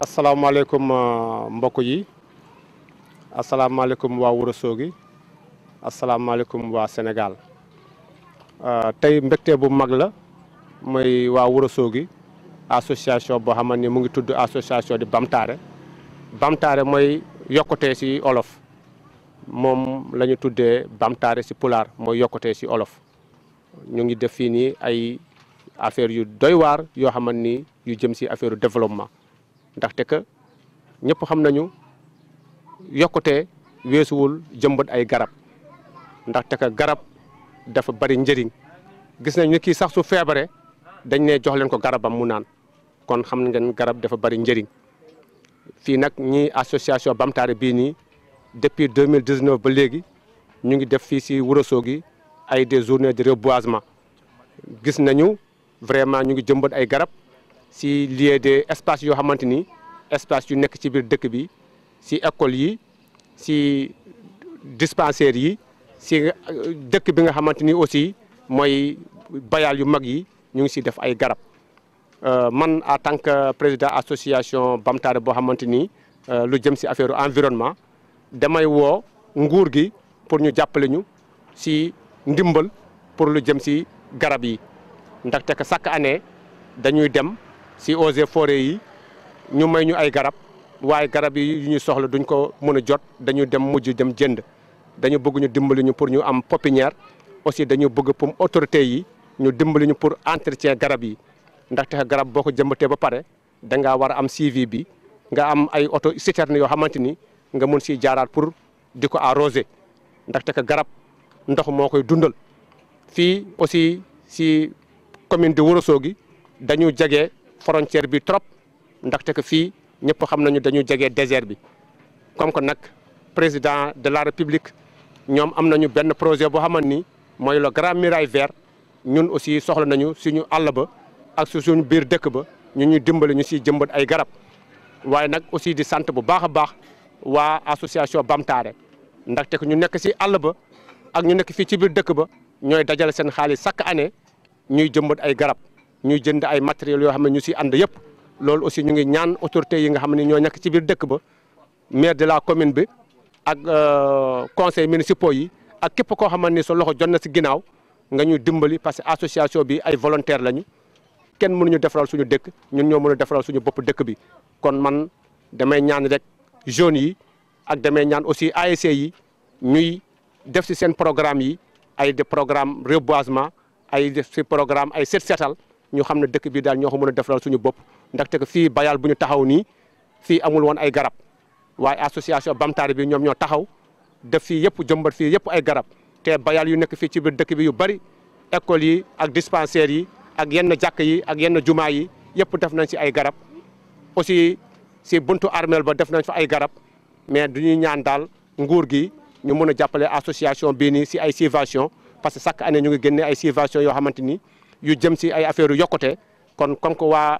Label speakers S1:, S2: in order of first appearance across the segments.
S1: asalaamaaleykum euh, mbokk yi asalaamaaleykum waa Ourossogui asalaamaaleykum waa Sénégal euh, tey mbégte bu mag la mooy waa Ourossogui association boo xam ne mu ngi tudd association di Bamtare Bamtare mooy yokkute si olof moom la ñu tuddee Bamtare ci pulaar mooy yokkute si olof ñu ngi def fii nii ay affaire yu doy waar yoo xam ni yu jëm si affaire développement. ndaxte que ñëpp xam nañu yokkute weesuwul jëmbat ay garab ndaxte que garab dafa bari njëriñ gis nañ ne kii sax su feebaree dañ ne jox leen ko garabam mu naan kon xam ngeen garab dafa bari njëriñ fii nag ñii association Bamtare bii nii depuis 2019 ba léegi ñu ngi def fii si Ourossogui ay des journées de reboisement gis nañu vraiment ñu ngi jëmbat ay garab si lié de espace yohamantini, xamanteni espace yu nek ci biir dëkk bi si école yi si dispensaire yi si euh, dëkk bi nga xamanteni aussi moy bayal yu mag yi ñu ngi si def ay garab euh, man en tant que président association Bamtare bo xamanteni euh, lu jëm si affaire environnement damay wo nguur gi pour ñu jappalé ñu si ndimbal pour lu jëm si garab yi ndax tek sak année dañuy dem si eaux et yi ñu may ñu ay garab waaye garab yi ñu soxla duñ ko mën a jot dañu dem mujj dem jënd dañu bëgg ñu dimbali ñu pour ñu am pépinière aussi dañu bëgg pour autorité yi ñu dimbali ñu pour entretien garab yi ndaxte garab boo ko jëmbatee ba pare da ngaa war a am suivi bi nga am ay oto citerne yoo xamante ni nga mun si jaaraat pour di ko arroser ndaxte que garab ndox moo koy dundal fii aussi si commune de Ourossogui dañu jege frontière bi trop ndaxte ko fi ñepp xam nañu dañu jégué désert bi comme ko nak président de la république ñom am nañu benn projet boo xamanteni moy le grand mirail vert ñun aussi soxla nañu suñu àll ba ak suñu bir dëkk ba ñu ñu dimbali ñu ci jëmbat ay garab waye nak aussi di sante bu baaxa baax wa association Bamtare ndaxte ko ñu nekk si àll ba ak ñu nekk fi ci bir dëkk ba ñoy dajal seen xaaliss sak année ñuy jëmbat ay garab ñu jënd ay matériel yo xam ñu si and yépp lool aussi ñu ngi ñaan autorité yi nga xam ñoo ñak ci biir dëkk ba maire de la commune bi ak euh, conseil municipal yi ak képp ko xamante so loxo jonne ci ginaaw nga ñu dimbali parce que association bi ay volontaire lañu kenn ñu nyu suñu dëkk ñun ñoo mënu défaral suñu bop dëkk bi kon man damay ñaan rek jeune yi ak damay ñaan aussi ASC yi ñuy def ci sen programme yi ay de programme reboisement ay def ci programme ay set setal ñu xam ne dëkk bi daal ñoo ko mën a defaral suñu bopp ndax que fii bayal bu ñu taxaw nii fii amul woon ay garab waaye association bamtaare bi ñoom ñoo taxaw def fii yëpp jëmbat fii yëpp ay garab te bayal yu nekk fii ci biir dëkk bi yu bari école yi ak dispensaires yi ak yenn jàkk yi ak yenn jumaa yi yëpp def nañ si ay garab aussi si buntu armeel ba def nañ fa ay garab mais du ñuy ñaan daal nguur gi ñu mën a jàppale association bii nii si ay subvention parce que chaque année ñu ngi génne ay subvention yoo xamante ni yu jëm ci ay affaire yu yokkute kon comme ko wa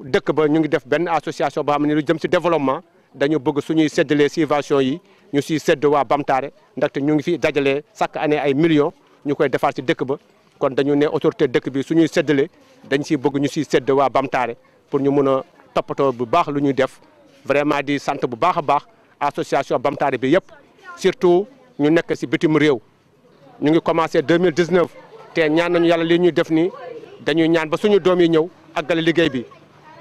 S1: dëkk ba ñu ngi def ben association ba xam ne lu jëm ci développement dañu bëgg suñuy sédélé subvention yi ñu siy sédd waa Bamtare ndaxte ñu ngi fi dajalé chaque année ay millions ñukoy koy ci si dëkk ba kon dañu né autorité dëkk bi suñuy sédélé dañ ci bëgg ñu ci sédd waa Bamtare pour ñu mëna topato bu baax lu ñuy def vraiment di sant bu baaxa baax association Bamtare bi yépp surtout ñu nekk ci bitim réew ñu ngi commencé 2019 te ñaan nañu yàlla li ñuy def nii dañuy ñaan ba suñu doom yi ñëw àggale liggéey bi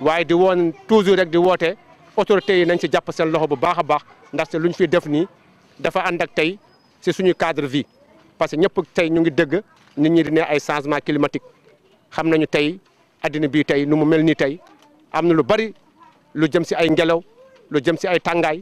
S1: waaye di woon toujours rek di woote autorités yi nañ si jàpp seen loxo bu baax a baax ndaxte lu ñu fi def nii dafa ànd ak tey si suñu cadre vie parce que ñëpp tey ñu ngi dëgg nit ñi di ne ay changement climatique xam nañu tey addina bi tey nu mu mel nii tey am na lu bari lu jëm si ay ngelaw lu jëm si ay tàngaay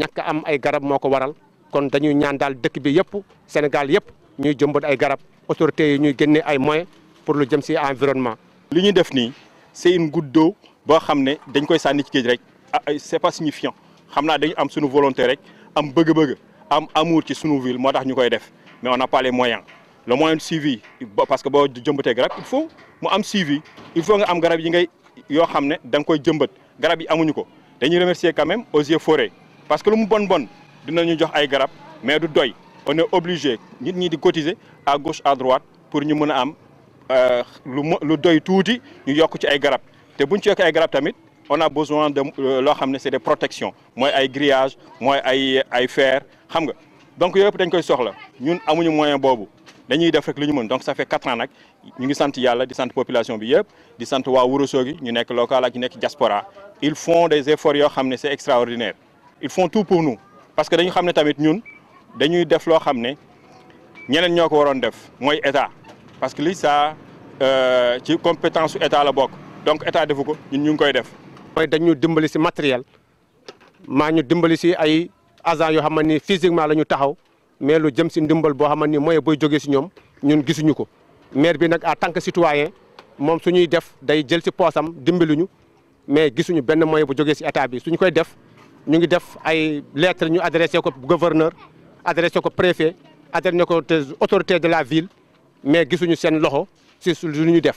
S1: ñàkk am ay garab moo ko waral kon dañuy ñaan daal dëkk bi yëpp Sénégal yëpp ñuy jëmbat ay garab autorité yi ñuy gënné ay moyens pour lu jëm ci environnement.
S2: li ñuy def ni c'est une goutte d'eau boo xam dañ koy sanni ci rek ah, ah, c'est pas signifiant xamna naa dañu am suñu volonté rek am bëgg-bëgg am amour ci suñu ville motax ñukoy def mais on n'a pas les moyens le moyen de suivi parce que bo jëmbaté garab il faut mu am suivi il faut nga am garab yi ngay yo xamné ne koy jëmbat garab yi amuñu ko dañuy remercier quand même aux yeux forêt parce que lu mu bon bon dinañu jox ay garab mais du doy on est obligé nit ñi di cotiser à gauche à droite pour ñu mën am euh, lu lu doy tuuti ñu yok ci ay garab té buñ ci ay garab tamit on a besoin de euh, lo xamné c'est des protections moy ay grillage moy ay ay fer xam nga donc yooyu dañ koy soxla ñun amuñu moyen bobu dañuy def rek li ñu mën donc ça fait quatre ans nak ñu ngi sant yalla di sant population bi yëpp di sant waa Ourossogui ñu nek local ak ñu diaspora ils font des efforts yo xamné c'est extraordinaire ils font tout pour nous parce que dañu xamné tamit ñun dañuy def loo xam ne ñeneen ñoo ko waroon def mooy état parce que lii ça euh, ci compétence su état la bokk donc état defu ko ñun ñu ngi koy def. mooy dañu dimbali si matériel
S1: maa ñu dimbali si ay agents yoo xam ni physiquement la ñu taxaw mais lu jëm si ndimbal boo xam ni mooy booy jógee si ñoom ñun gisuñu ko maire bi nag en tant que citoyen moom su ñuy def day jël si poosam dimbaluñu mais gisuñu benn moyen bu jóge si état bi suñu koy def ñu ngi def ay lettres ñu adressé ko gouverneur. adresse au préfet, l'adresse des autorités de la ville, mais qui sont nous de là, c'est ce que nous